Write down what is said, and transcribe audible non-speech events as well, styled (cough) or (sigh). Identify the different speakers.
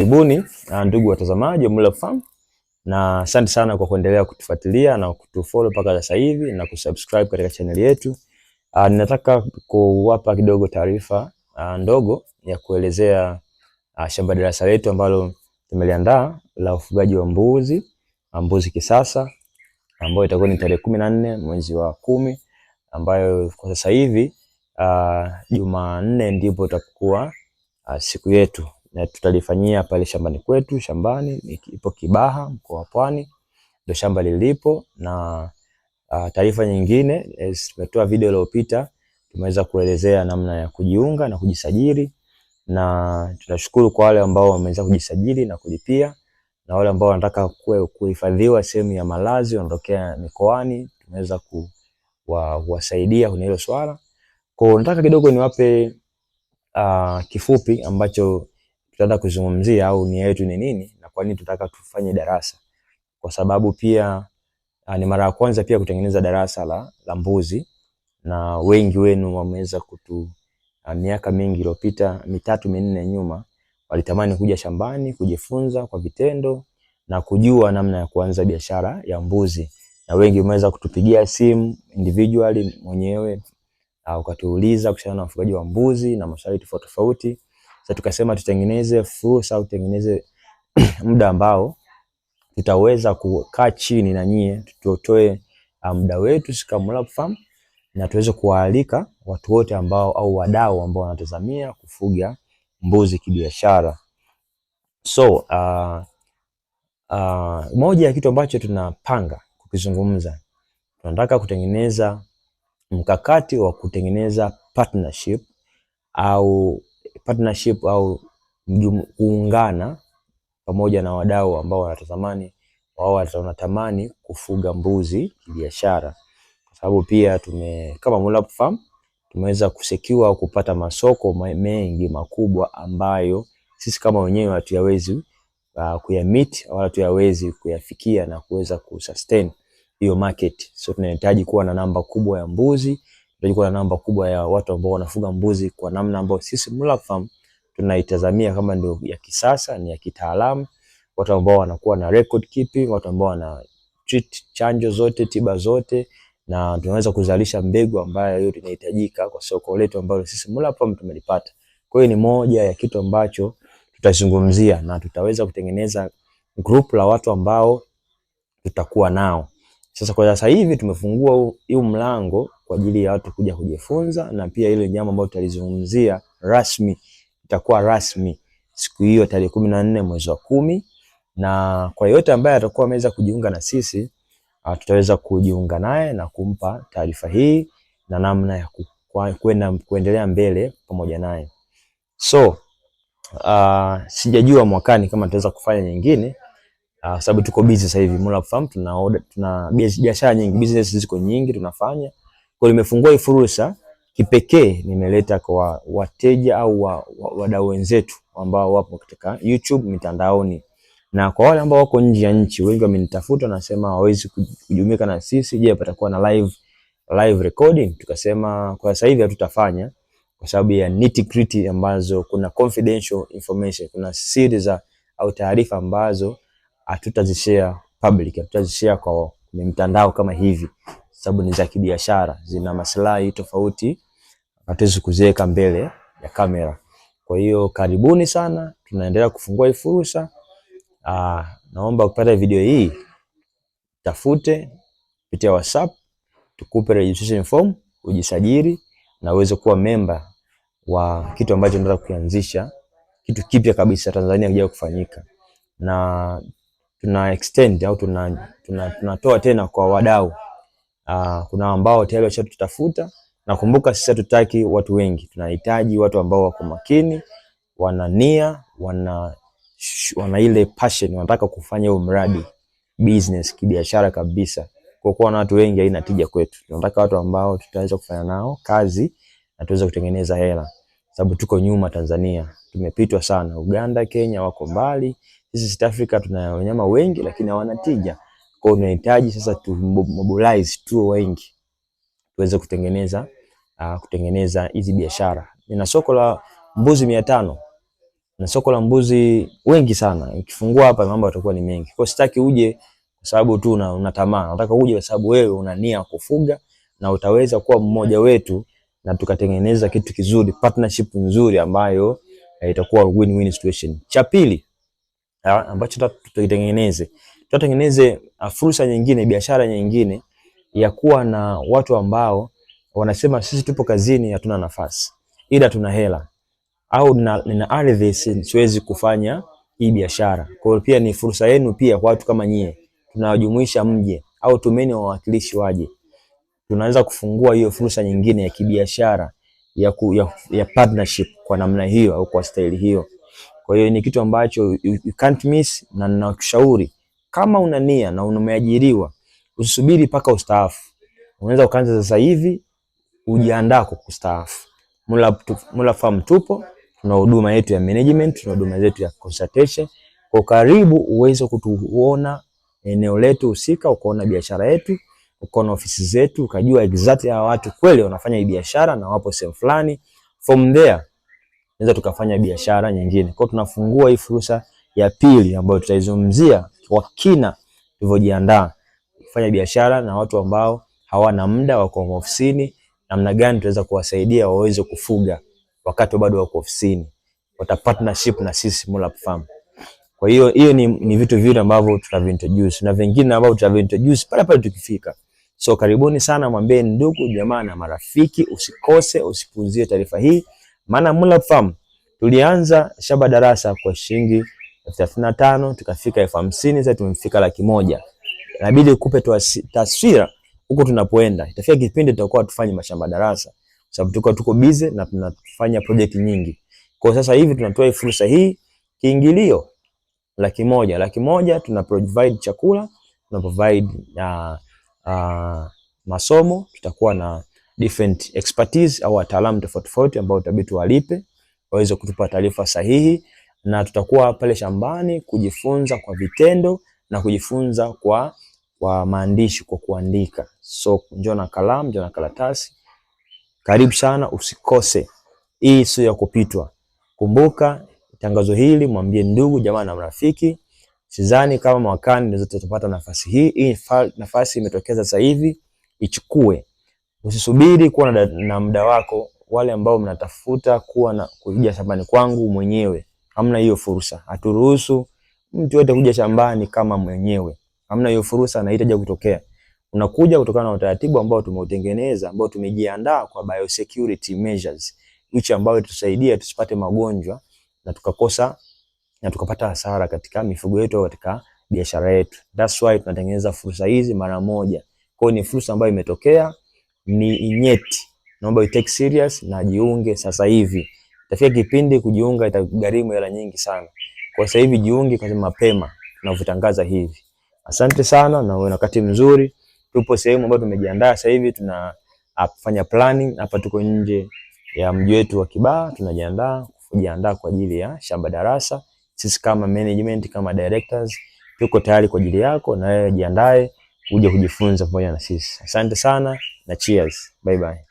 Speaker 1: Karibuni ndugu watazamaji wa Mulap Farm, na asante sana kwa kuendelea kutufuatilia na kutufollow mpaka sasa hivi na kusubscribe katika channel yetu. Uh, ninataka kuwapa kidogo taarifa uh, ndogo ya kuelezea uh, shamba darasa letu ambalo tumeliandaa la ufugaji wa mbuzi mbuzi kisasa ambayo itakuwa ni tarehe kumi na nne mwezi wa kumi ambayo kwa sasa hivi uh, Jumanne ndipo itakuwa uh, siku yetu na tutalifanyia pale shambani kwetu. Shambani ipo Kibaha, mkoa wa Pwani, ndio shamba lilipo. Na uh, taarifa nyingine e, tumetoa video iliyopita, tumeweza kuelezea namna ya kujiunga na kujisajili, na tunashukuru kwa wale ambao wameweza kujisajili na kulipia, na wale ambao wanataka kuhifadhiwa sehemu ya malazi wanaotokea mikoani, tumeweza kuwasaidia kwenye hilo swala. Kwa nataka kidogo niwape uh, kifupi ambacho tutaenda kuzungumzia au nia yetu ni nini na kwa nini tunataka tufanye darasa, kwa sababu pia a, ah, ni mara ya kwanza pia kutengeneza darasa la, la mbuzi na wengi wenu wameweza kutu a, ah, miaka mingi iliyopita mitatu minne nyuma walitamani kuja shambani kujifunza kwa vitendo na kujua namna ya kuanza biashara ya mbuzi, na wengi umeweza kutupigia simu individually mwenyewe ah, ukatuuliza kuhusiana na ufugaji wa mbuzi na maswali tofauti tofauti. Sasa tukasema tutengeneze fursa au tutengeneze (clears throat) muda ambao tutaweza kukaa chini na nyie, tutotoe ah, muda wetu Sikamolab Farm na tuweze kuwaalika watu wote ambao au wadau ambao wanatazamia kufuga mbuzi kibiashara. So uh, uh, moja ya kitu ambacho tunapanga kukizungumza, tunataka kutengeneza mkakati wa kutengeneza partnership au partnership au kuungana pamoja na wadau ambao wanatazamani wao wanatamani kufuga mbuzi kibiashara, kwa sababu pia tume kama Mulap Farm tumeweza kusekiwa au kupata masoko mengi makubwa ambayo sisi kama wenyewe hatuyawezi uh, kuyamit wala hatuyawezi kuyafikia na kuweza kusustain hiyo market. So tunahitaji kuwa na namba kubwa ya mbuzi. Lakini na namba kubwa ya watu ambao wanafuga mbuzi kwa namna ambayo sisi Mulap Farm tunaitazamia kama ndio ya kisasa, ni ya kitaalamu, watu ambao wanakuwa na record keeping, watu ambao wana treat chanjo zote, tiba zote na tunaweza kuzalisha mbegu ambayo yote inahitajika kwa soko letu ambalo sisi Mulap Farm tumelipata. Kwa hiyo ni moja ya kitu ambacho tutazungumzia na tutaweza kutengeneza group la watu ambao tutakuwa nao. Sasa kwa sasa hivi tumefungua huu mlango kwa ajili ya watu kuja kujifunza, na pia ile nyama ambayo tutalizungumzia rasmi itakuwa rasmi siku hiyo tarehe kumi na nne mwezi wa kumi, na kwa yote ambaye atakuwa ameweza kujiunga na sisi ah, tutaweza kujiunga naye na kumpa taarifa hii na namna ya kwenda kuendelea mbele pamoja naye. So uh, sijajua mwakani kama tutaweza kufanya nyingine uh, sababu tuko busy sasa hivi Mulap Farm tuna tuna biashara nyingi, business ziko nyingi tunafanya kwa nimefungua hii fursa kipekee nimeleta kwa wateja au wa, wa wadau wenzetu ambao wapo katika YouTube mitandaoni, na kwa wale ambao wako nje ya nchi, wengi wamenitafuta na nasema hawawezi kujumuika na sisi. Je, patakuwa na live live recording? Tukasema kwa sasa hivi hatutafanya kwa sababu ya nitty gritty ambazo kuna confidential information, kuna siri za au taarifa ambazo hatutazishare public, hatutazishare kwa mtandao kama hivi sababu ni za kibiashara, zina maslahi tofauti, hatuwezi kuziweka mbele ya kamera. Kwa hiyo karibuni sana, tunaendelea kufungua hii fursa. Ah, naomba kupata video hii, tafute kupitia WhatsApp, tukupe registration form, ujisajili na uweze kuwa memba wa kitu ambacho tunataka kuanzisha, kitu kipya kabisa Tanzania kijayo kufanyika na tuna extend au tunatoa tuna, tuna tena kwa wadau Uh, kuna ambao tayari washatutafuta na kumbuka, sisi hatutaki watu wengi, tunahitaji watu ambao wako makini, wana nia, wana wana ile passion, wanataka kufanya huo mradi business kibiashara kabisa. Kwa kuwa na watu wengi haina tija kwetu, tunataka watu ambao tutaweza kufanya nao kazi na tuweza kutengeneza hela, sababu tuko nyuma Tanzania, tumepitwa sana. Uganda, Kenya wako mbali. Sisi South Africa tuna wanyama wengi, lakini hawana tija kwao tunahitaji sasa tu mobilize tu wengi tuweze kutengeneza uh, kutengeneza hizi biashara. Nina soko la mbuzi mia tano na soko la mbuzi wengi sana. Ukifungua hapa mambo yatakuwa ni mengi. Kwa sitaki uje kwa sababu tu una, una tamaa. Nataka uje kwa sababu wewe una nia kufuga na utaweza kuwa mmoja wetu na tukatengeneza kitu kizuri, partnership nzuri ambayo eh, itakuwa win-win situation. Cha pili ah, ambacho tutakitengeneze tutengeneze uh, fursa nyingine, biashara nyingine ya kuwa na watu ambao wanasema sisi tupo kazini, hatuna nafasi, ila tuna hela au nina nina ardhi, siwezi kufanya hii biashara. Kwa hiyo pia ni fursa yenu pia kwa watu kama nyie, tunawajumuisha mje, au tumeni wawakilishi waje, tunaweza kufungua hiyo fursa nyingine ya kibiashara ya, ku, ya, ya partnership kwa namna hiyo au kwa staili hiyo. Kwa hiyo ni kitu ambacho you, you can't miss, na ninakushauri kama una nia na umeajiriwa, usubiri mpaka ustaafu. Unaweza ukaanza sasa hivi, ujiandaa kwa kustaafu. Mula Mula Farm tupo, tuna huduma yetu ya management, tuna huduma zetu ya consultation. Kwa karibu uweze kutuona eneo letu husika, ukaona biashara yetu, ukaona ofisi zetu, ukajua exactly hawa watu kweli wanafanya hii biashara na wapo sehemu fulani. From there tunaweza tukafanya biashara nyingine. Kwa tunafungua hii fursa ya pili ambayo tutaizungumzia wa kina tulivyojiandaa kufanya biashara na watu ambao hawana muda wa kuwa ofisini, namna gani tunaweza kuwasaidia waweze kufuga wakati bado wako ofisini, wata partnership na sisi Mulap Farm. Kwa hiyo hiyo ni, ni vitu vile ambavyo tutavintroduce na vingine ambavyo tutavintroduce pale pale tukifika. So karibuni sana, mwambie ndugu jamaa na marafiki, usikose usipunzie taarifa hii, maana Mulap Farm tulianza shaba darasa kwa shilingi elfu thelathini na tano tukafika elfu hamsini sasa tumefika laki moja. Inabidi kupe taswira huko tunapoenda. Itafika kipindi tutakuwa tufanye mashamba darasa, sababu tuko tuko busy na tunafanya project nyingi. Kwa sasa hivi tunatoa fursa hii, kiingilio laki moja, laki moja tuna provide chakula, tuna provide uh, uh, masomo. Tutakuwa na different expertise au wataalamu tofauti tofauti ambao tutabidi tuwalipe waweze kutupa taarifa sahihi na tutakuwa pale shambani kujifunza kwa vitendo na kujifunza kwa, kwa maandishi kwa kuandika. So njoo na kalamu, njoo na karatasi. Karibu sana, usikose. Hii sio ya kupitwa. Kumbuka tangazo hili, mwambie ndugu jamaa na marafiki. Sidhani kama mwakani ndio tutapata nafasi hii. Hii nafasi imetokeza sasa hivi, ichukue. Usisubiri kuwa na, na muda wako. Wale ambao mnatafuta kuwa na kuja shambani kwangu mwenyewe Hamna hiyo fursa. Haturuhusu mtu yote kuja shambani kama mwenyewe. Hamna hiyo fursa na itaja kutokea. Unakuja kutokana na utaratibu ambao tumeutengeneza ambao tumejiandaa kwa biosecurity measures which ambayo itusaidia tusipate magonjwa na tukakosa na tukapata hasara katika mifugo yetu au katika biashara yetu. That's why tunatengeneza fursa hizi mara moja. Kwa hiyo ni fursa ambayo imetokea, ni nyeti. Naomba you take serious na jiunge sasa hivi. Itafika kipindi kujiunga itagharimu hela nyingi sana. Kwa sasa hivi jiunge kwa mapema tunavyotangaza hivi. Asante sana na uwe na wakati mzuri. Tupo sehemu ambayo tumejiandaa sasa hivi tuna tunafanya ah, planning hapa, tuko nje ya mji wetu wa Kibaha, tunajiandaa kujiandaa kwa ajili ya shamba darasa. Sisi kama management, kama directors tuko tayari kwa ajili yako, na wewe jiandae uje kujifunza pamoja na sisi. Asante sana na cheers. Bye bye.